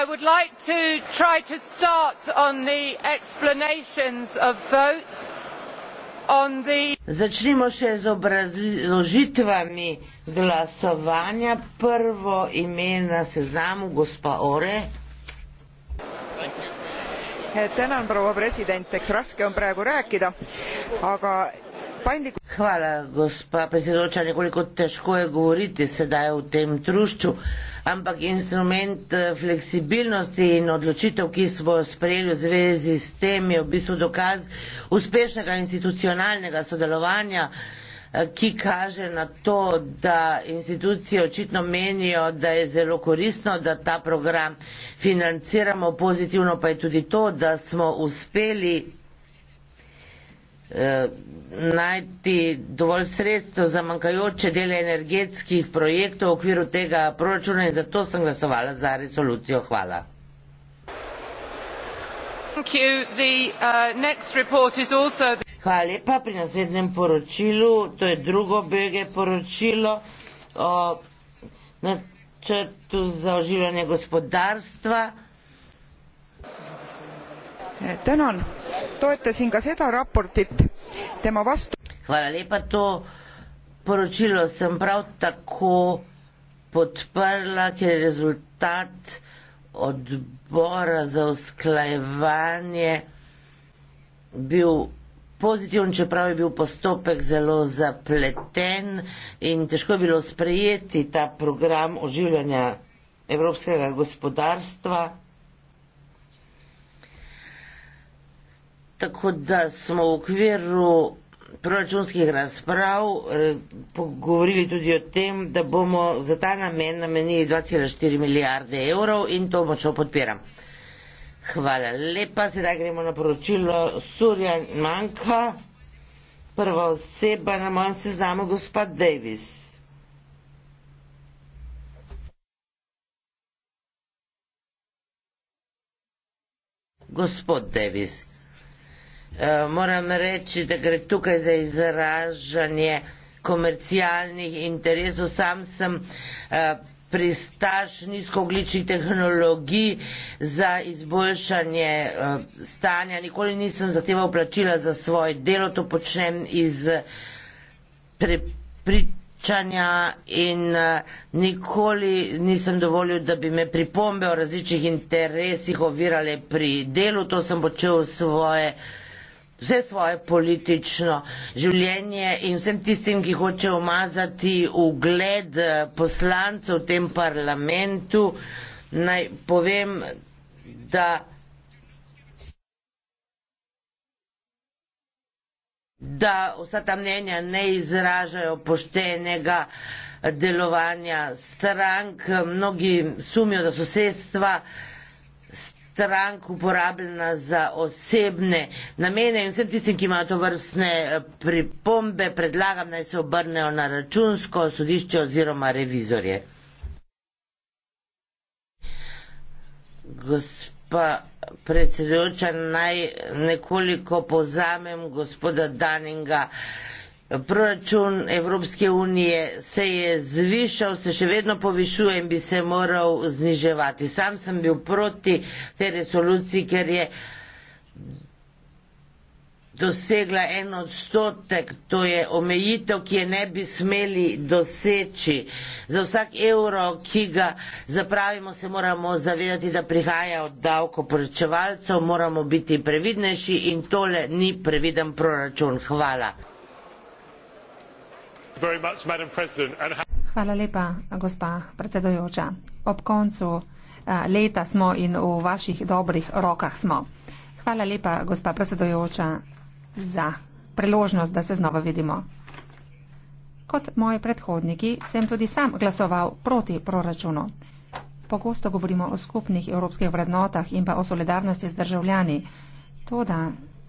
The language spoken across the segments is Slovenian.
i would like to try to start on the explanations of vote on the Začnimo še z obrazložitvami glasovanja. Prvo ime na seznamu gospa Ore. Eh, tänan, proua president, eks raske on praegu rääkida, aga paindlikult hvala, gospa predsedoča. Nekoliko težko je govoriti sedaj v tem trušču, ampak instrument eh, fleksibilnosti in odločitev, ki smo sprejeli v zvezi s tem, je v bistvu dokaz uspešnega institucionalnega sodelovanja, eh, ki kaže na to, da institucije očitno menijo, da je zelo koristno, da ta program financiramo. Pozitivno pa je tudi to, da smo uspeli Eh, najti dovolj sredstev za manjkajoče dele energetskih projektov v okviru tega proračuna in zato sem glasovala za resolucijo. Hvala. Uh, Hvala lepa. Pri naslednjem poročilu, to je drugo BG poročilo o načrtu za oživljanje gospodarstva. Eh, Tenon, toetasin ka seda raportit tema vastu. hvala lepa, too poročilo sem prav tako podprla, ker je rezultat odbora za usklajevanje bil pozitiven, čeprav je bil postopek zelo zapleten in težko je bilo sprejeti ta program oživljanja evropskega gospodarstva. tako da smo v okviru proračunskih razprav eh, pogovorili tudi o tem, da bomo za ta namen namenili 2,4 milijarde evrov in to močno podpiram. Hvala lepa, sedaj gremo na poročilo Surjan Manka, prva oseba na mojem seznamu, gospod Davis. Gospod Davis. Eh, moram reči, da gre tukaj za izražanje komercialnih interesov. Sam sem eh, pristaš nizkogličnih tehnologij za izboljšanje eh, stanja. Nikoli nisem zahteval plačila za svoje delo, to počnem iz prepričanja in nikoli nisem dovolil, da bi me pripombe o različnih interesih ovirale pri delu, to sem počel svoje vse svoje politično življenje in vsem tistim, ki hoče umazati ugled eh, poslancev v tem parlamentu, naj povem, da. da vsa ta mnenja ne izražajo poštenega delovanja strank. Mnogi sumijo, da so sredstva eh, strank uporabljena za osebne namene in vsem tistim, ki imajo to vrstne eh, pripombe, predlagam, naj se obrnejo na računsko sodišče oziroma revizorje. Gospa predsedujoča, naj nekoliko pozamem gospoda Daninga proračun Evropske unije se je zvišal, se še vedno povišuje in bi se moral zniževati. Sam sem bil proti tej resoluciji, ker je dosegla en odstotek, to je omejitev, ki je ne bi smeli doseči. Za vsak evro, ki ga zapravimo, se moramo zavedati, da prihaja od davkoporečevalcev, moramo biti previdnejši in tole ni previden proračun. Hvala. Hvala lepa, gospa predsedojoča. Ob koncu eh, leta smo in v vaših dobrih rokah smo. Hvala lepa, gospa predsedojoča, za priložnost, da se znova vidimo. Kot moji predhodniki sem tudi sam glasoval proti proračunu. Pogosto govorimo o skupnih evropskih vrednotah in pa o solidarnosti z državljani. To, da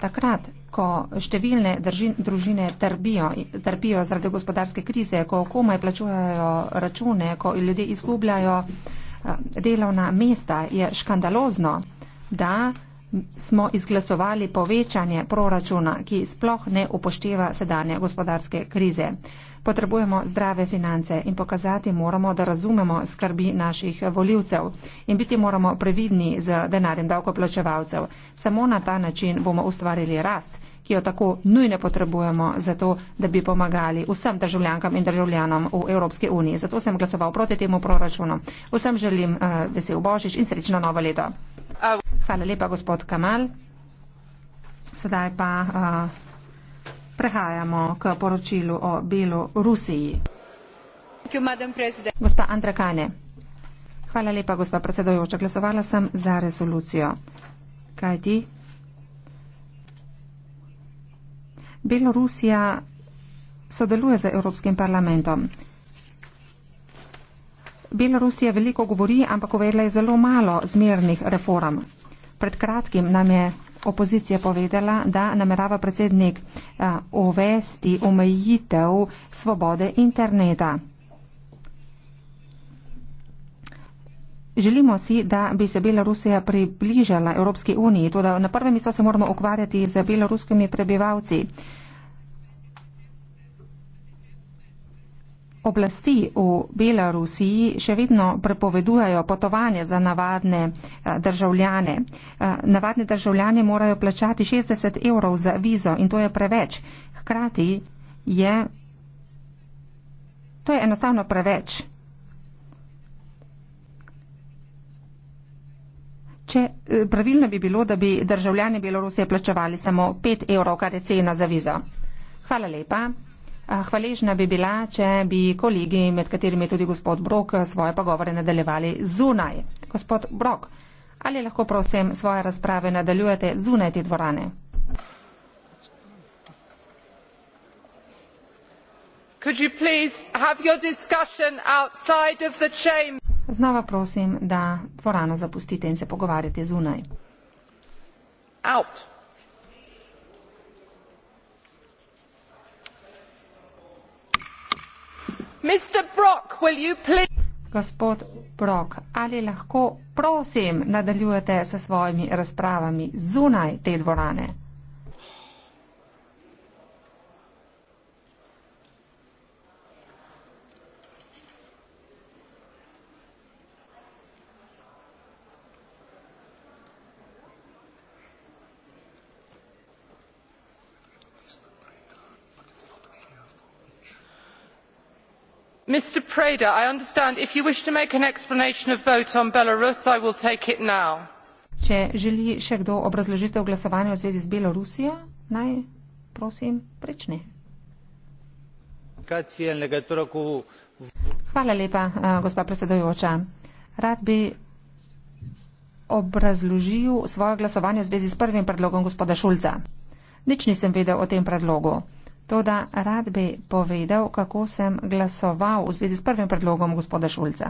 takrat, ko številne držin, družine trpijo, trpijo zaradi gospodarske krize, ko komaj plačujejo račune, ko ljudje izgubljajo eh, delovna mesta, je škandalozno, da smo izglasovali povečanje proračuna, ki sploh ne upošteva sedanje gospodarske krize. Potrebujemo zdrave finance in pokazati moramo, da razumemo skrbi naših voljivcev in biti moramo previdni z denarjem davkoplačevalcev. Samo na ta način bomo ustvarili rast, ki jo tako nujno potrebujemo za to, da bi pomagali vsem državljankam in državljanom v Evropski uniji. Zato sem glasoval proti temu proračunu. Vsem želim uh, vesel Božič in srečno novo leto. Hvala lepa, gospod Kamal. Sedaj pa uh, prehajamo k poročilu o Belu Rusiji. Gospa Andra Kane. Hvala lepa, gospa predsedojoča. Glasovala sem za rezolucijo. Kaj ti? Belorusija sodeluje z Evropskim parlamentom. Belorusija veliko govori, ampak uvedla je zelo malo zmernih reform. Pred kratkim nam je opozicija povedala, da namerava predsednik eh, uvesti omejitev svobode interneta. Želimo si, da bi se Belorusija približala Evropski uniji, tudi na prvem mestu se moramo ukvarjati z beloruskimi prebivalci. Oblasti v Belorusiji še vedno prepovedujejo potovanje za navadne eh, državljane. Eh, navadne državljane morajo plačati 60 evrov za vizo in to je preveč. Hkrati je to je enostavno preveč. Če eh, pravilno bi bilo, da bi državljani Belorusije plačevali samo 5 evrov, kar je cena za vizo. Hvala lepa. Hvaležna bi bila, če bi kolegi, med katerimi je tudi gospod Brok, svoje pogovore nadaljevali zunaj. Gospod Brok, ali lahko prosim svoje razprave nadaljujete zunaj te dvorane? Znova prosim, da dvorano zapustite in se pogovarjate zunaj. Out. Gospod Brok, ali lahko prosim nadaljujete s svojimi razpravami zunaj te dvorane? mr preda i understand if you wish to make an explanation of vote on belarus i will take it now. če želi še kdo obrazložitev glasovanja v zvezi z belorusijo naj prosim prične. Hvala lepa, eh, gospa predsedujoča. Rad bi obrazložil svoje glasovanje v zvezi s prvim predlogom gospoda Šulca. Nič nisem vedel o tem predlogu. Toda rad bi povedal, kako sem glasoval v zvezi s prvim predlogom gospoda Šulca.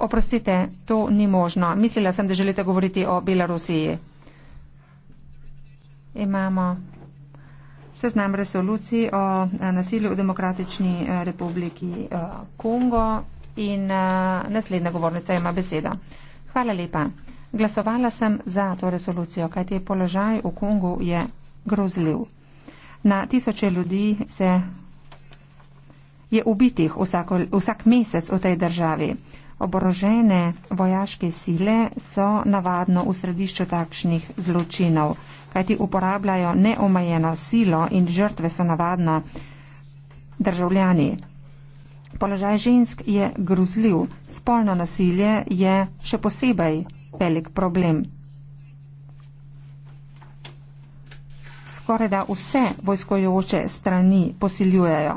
Oprostite, to ni možno. Mislila sem, da želite govoriti o Belorusiji. Imamo seznam resolucij o eh, nasilju v Demokratični eh, republiki eh, Kongo in naslednja govornica ima besedo. Hvala lepa. Glasovala sem za to resolucijo, kajti položaj v Kongu je grozljiv. Na tisoče ljudi se je ubitih vsako, vsak mesec v tej državi. Oborožene vojaške sile so navadno v središču takšnih zločinov, kajti uporabljajo neomajeno silo in žrtve so navadno državljani. Položaj žensk je grozljiv, spolno nasilje je še posebej velik problem. Skoraj da vse vojskojoče strani posiljujejo.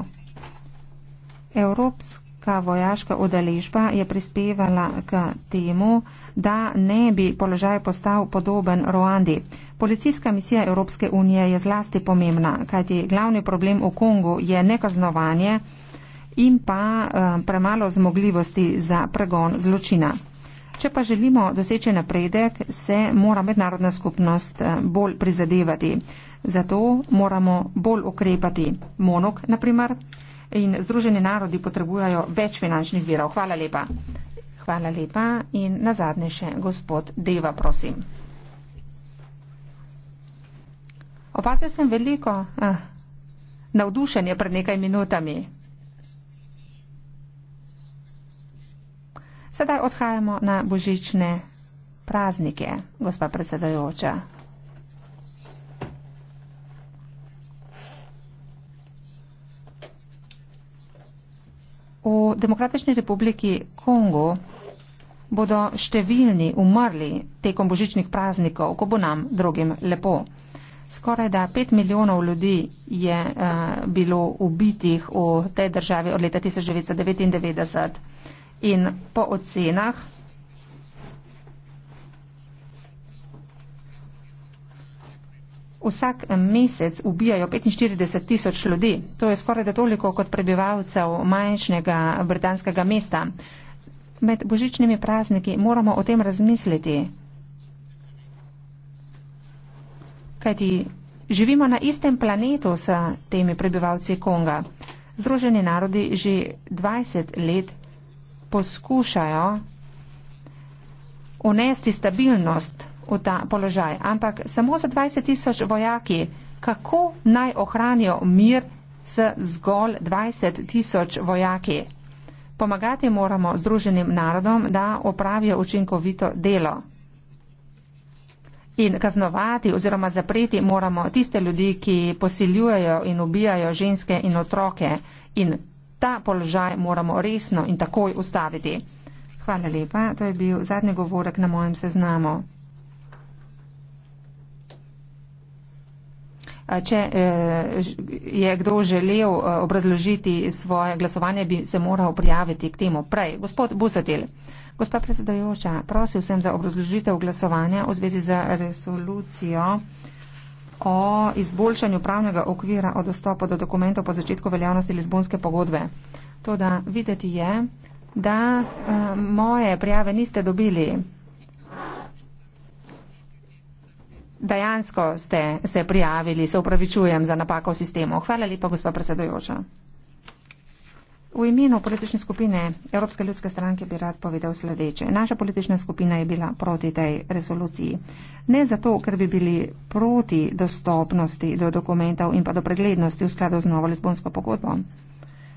Evropska vojaška udeležba je prispevala k temu, da ne bi položaj postal podoben Ruandi. Policijska misija Evropske unije je zlasti pomembna, kajti glavni problem v Kongu je nekaznovanje in pa eh, premalo zmogljivosti za pregon zločina. Če pa želimo doseči napredek, se mora mednarodna skupnost eh, bolj prizadevati. Zato moramo bolj ukrepati. Monok, naprimer, in Združeni narodi potrebujajo več finančnih virov. Hvala lepa. Hvala lepa in na zadnje še gospod Deva, prosim. Opazil sem veliko ah, eh, navdušenja pred nekaj minutami. Sedaj odhajamo na božične praznike, gospa predsedajoča. V Demokratični republiki Kongo bodo številni umrli tekom božičnih praznikov, ko bo nam drugim lepo. Skoraj da pet milijonov ljudi je uh, bilo ubitih v tej državi od leta 1999 in po ocenah vsak mesec ubijajo 45 tisoč ljudi. To je skoraj da toliko kot prebivalcev manjšnjega britanskega mesta. Med božičnimi prazniki moramo o tem razmisliti. Kajti živimo na istem planetu s temi prebivalci Konga. Združeni narodi že 20 let poskušajo unesti stabilnost v ta položaj. Ampak samo za 20 tisoč vojaki, kako naj ohranijo mir z zgolj 20 tisoč vojaki? Pomagati moramo Združenim narodom, da opravijo učinkovito delo. In kaznovati oziroma zapreti moramo tiste ljudi, ki posiljujejo in ubijajo ženske in otroke. In ta položaj moramo resno in takoj ustaviti. Hvala lepa, to je bil zadnji govorek na mojem seznamu. Če e, je kdo želel e, obrazložiti svoje glasovanje, bi se moral prijaviti k temu prej. Gospod Busatil. Gospa predsedajoča, prosil sem za obrazložitev glasovanja v zvezi z resolucijo o izboljšanju pravnega okvira o dostopu do dokumentov po začetku veljavnosti Lizbonske pogodbe. To, da videti je, da uh, moje prijave niste dobili. Dejansko ste se prijavili, se upravičujem za napako v sistemu. Hvala lepa, gospa predsedujoča. V imenu politične skupine Evropske ljudske stranke bi rad povedal sledeče. Naša politična skupina je bila proti tej rezoluciji. Ne zato, ker bi bili proti dostopnosti do dokumentov in pa do preglednosti v skladu z novo lizbonsko pogodbo,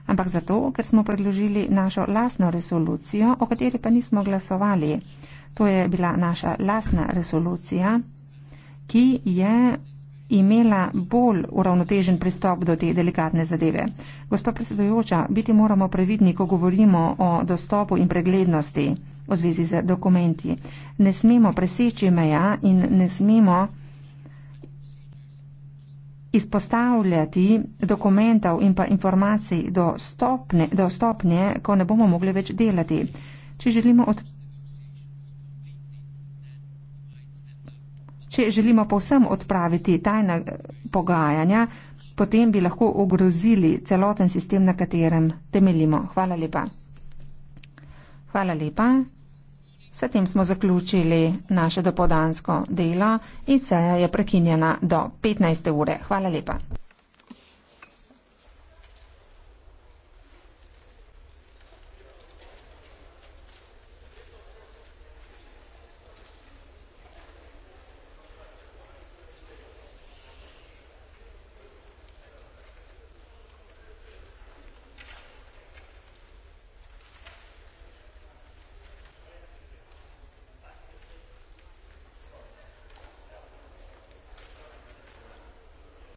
ampak zato, ker smo predložili našo lastno rezolucijo, o kateri pa nismo glasovali. To je bila naša lastna rezolucija, ki je imela bolj uravnotežen pristop do te delikatne zadeve. Gospa predsedujoča, biti moramo previdni, ko govorimo o dostopu in preglednosti v zvezi z dokumenti. Ne smemo preseči meja in ne smemo izpostavljati dokumentov in pa informacij do stopne, do stopne, ko ne bomo mogli več delati. Če želimo, od... Če želimo povsem odpraviti tajna pogajanja, potem bi lahko ogrozili celoten sistem, na katerem temeljimo. Hvala lepa. Hvala lepa. S tem smo zaključili naše dopodansko delo in seja je prekinjena do 15. ure. Hvala lepa.